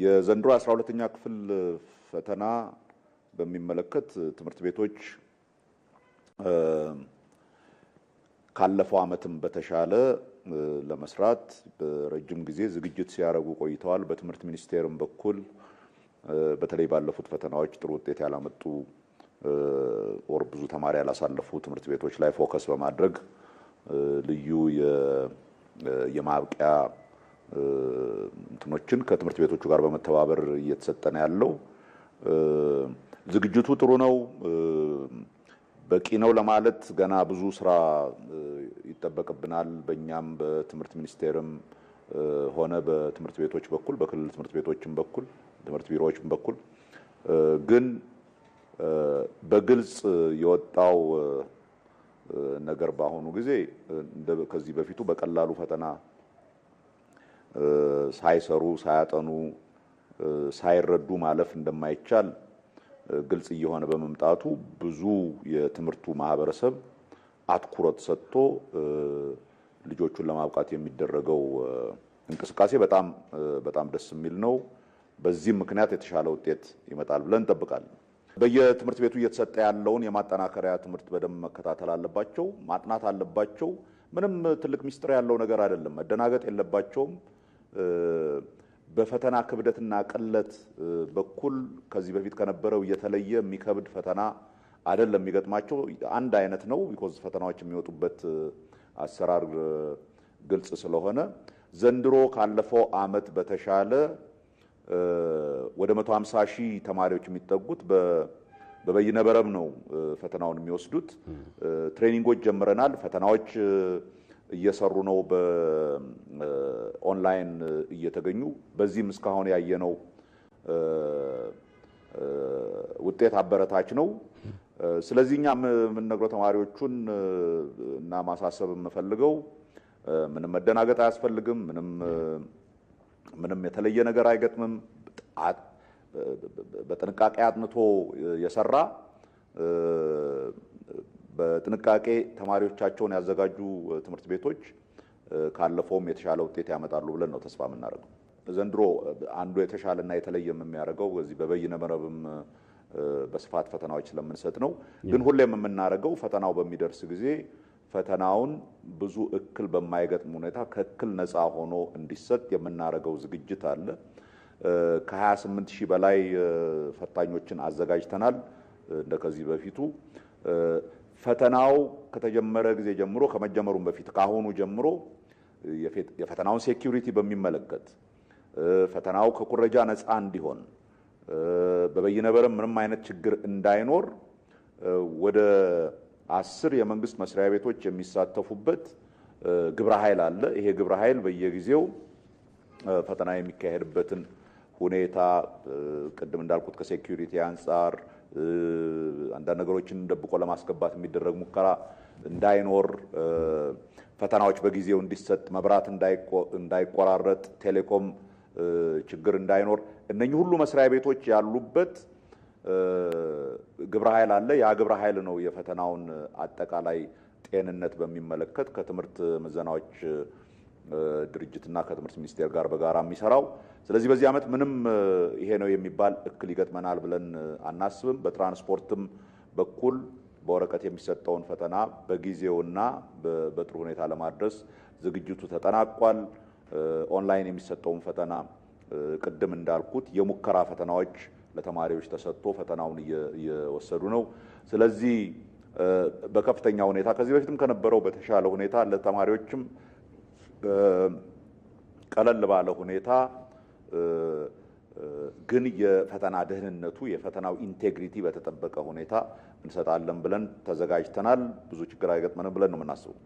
የዘንድሮ 12ኛ ክፍል ፈተና በሚመለከት ትምህርት ቤቶች ካለፈው ዓመትም በተሻለ ለመስራት በረጅም ጊዜ ዝግጅት ሲያደርጉ ቆይተዋል። በትምህርት ሚኒስቴርም በኩል በተለይ ባለፉት ፈተናዎች ጥሩ ውጤት ያላመጡ ወር ብዙ ተማሪ ያላሳለፉ ትምህርት ቤቶች ላይ ፎከስ በማድረግ ልዩ የማብቂያ እንትኖችን ከትምህርት ቤቶቹ ጋር በመተባበር እየተሰጠነ ያለው። ዝግጅቱ ጥሩ ነው፣ በቂ ነው ለማለት ገና ብዙ ስራ ይጠበቅብናል። በእኛም በትምህርት ሚኒስቴርም ሆነ በትምህርት ቤቶች በኩል በክልል ትምህርት ቤቶችም በኩል ትምህርት ቢሮዎችም በኩል ግን በግልጽ የወጣው ነገር በአሁኑ ጊዜ ከዚህ በፊቱ በቀላሉ ፈተና ሳይሰሩ ሳያጠኑ ሳይረዱ ማለፍ እንደማይቻል ግልጽ እየሆነ በመምጣቱ ብዙ የትምህርቱ ማህበረሰብ አትኩረት ሰጥቶ ልጆቹን ለማብቃት የሚደረገው እንቅስቃሴ በጣም በጣም ደስ የሚል ነው። በዚህም ምክንያት የተሻለ ውጤት ይመጣል ብለን እንጠብቃለን። በየትምህርት ቤቱ እየተሰጠ ያለውን የማጠናከሪያ ትምህርት በደንብ መከታተል አለባቸው፣ ማጥናት አለባቸው። ምንም ትልቅ ሚስጥር ያለው ነገር አይደለም። መደናገጥ የለባቸውም። በፈተና ክብደትና ቅለት በኩል ከዚህ በፊት ከነበረው የተለየ የሚከብድ ፈተና አይደለም የሚገጥማቸው። አንድ አይነት ነው። ቢኮዝ ፈተናዎች የሚወጡበት አሰራር ግልጽ ስለሆነ ዘንድሮ ካለፈው አመት በተሻለ ወደ 150 ሺህ ተማሪዎች የሚጠጉት በበይነበረብ ነው ፈተናውን የሚወስዱት። ትሬኒንጎች ጀምረናል። ፈተናዎች እየሰሩ ነው፣ በኦንላይን እየተገኙ በዚህም እስካሁን ያየነው ውጤት አበረታች ነው። ስለዚህ እኛ የምንነግረው ተማሪዎቹን እና ማሳሰብ የምፈልገው ምንም መደናገጥ አያስፈልግም። ምንም ምንም የተለየ ነገር አይገጥምም። በጥንቃቄ አጥንቶ የሰራ በጥንቃቄ ተማሪዎቻቸውን ያዘጋጁ ትምህርት ቤቶች ካለፈውም የተሻለ ውጤት ያመጣሉ ብለን ነው ተስፋ የምናደርገው። ዘንድሮ አንዱ የተሻለና የተለየ የሚያደርገው በዚህ በበይነ መረብም በስፋት ፈተናዎች ስለምንሰጥ ነው። ግን ሁሌም የምናደርገው ፈተናው በሚደርስ ጊዜ ፈተናውን ብዙ እክል በማይገጥም ሁኔታ ከእክል ነፃ ሆኖ እንዲሰጥ የምናደርገው ዝግጅት አለ። ከ28 ሺህ በላይ ፈታኞችን አዘጋጅተናል እንደ ከዚህ በፊቱ ፈተናው ከተጀመረ ጊዜ ጀምሮ ከመጀመሩም በፊት ከአሁኑ ጀምሮ የፈተናውን ሴኪሪቲ በሚመለከት ፈተናው ከኩረጃ ነፃ እንዲሆን በበይነበረብ ምንም አይነት ችግር እንዳይኖር ወደ አስር የመንግስት መስሪያ ቤቶች የሚሳተፉበት ግብረ ኃይል አለ። ይሄ ግብረ ኃይል በየጊዜው ፈተና የሚካሄድበትን ሁኔታ ቅድም እንዳልኩት ከሴኪሪቲ አንጻር አንዳንድ ነገሮችን ደብቆ ለማስገባት የሚደረግ ሙከራ እንዳይኖር፣ ፈተናዎች በጊዜው እንዲሰጥ፣ መብራት እንዳይቆራረጥ፣ ቴሌኮም ችግር እንዳይኖር እነኚህ ሁሉ መስሪያ ቤቶች ያሉበት ግብረ ኃይል አለ። ያ ግብረ ኃይል ነው የፈተናውን አጠቃላይ ጤንነት በሚመለከት ከትምህርት ምዘናዎች ድርጅትና ከትምህርት ሚኒስቴር ጋር በጋራ የሚሰራው። ስለዚህ በዚህ ዓመት ምንም ይሄ ነው የሚባል እክል ይገጥመናል ብለን አናስብም። በትራንስፖርትም በኩል በወረቀት የሚሰጠውን ፈተና በጊዜውና በጥሩ ሁኔታ ለማድረስ ዝግጅቱ ተጠናቋል። ኦንላይን የሚሰጠውን ፈተና ቅድም እንዳልኩት የሙከራ ፈተናዎች ለተማሪዎች ተሰጥቶ ፈተናውን እየወሰዱ ነው። ስለዚህ በከፍተኛ ሁኔታ ከዚህ በፊትም ከነበረው በተሻለ ሁኔታ ለተማሪዎችም ቀለል ባለ ሁኔታ ግን የፈተና ደህንነቱ የፈተናው ኢንቴግሪቲ በተጠበቀ ሁኔታ እንሰጣለን ብለን ተዘጋጅተናል። ብዙ ችግር አይገጥመንም ብለን ነው የምናስበው።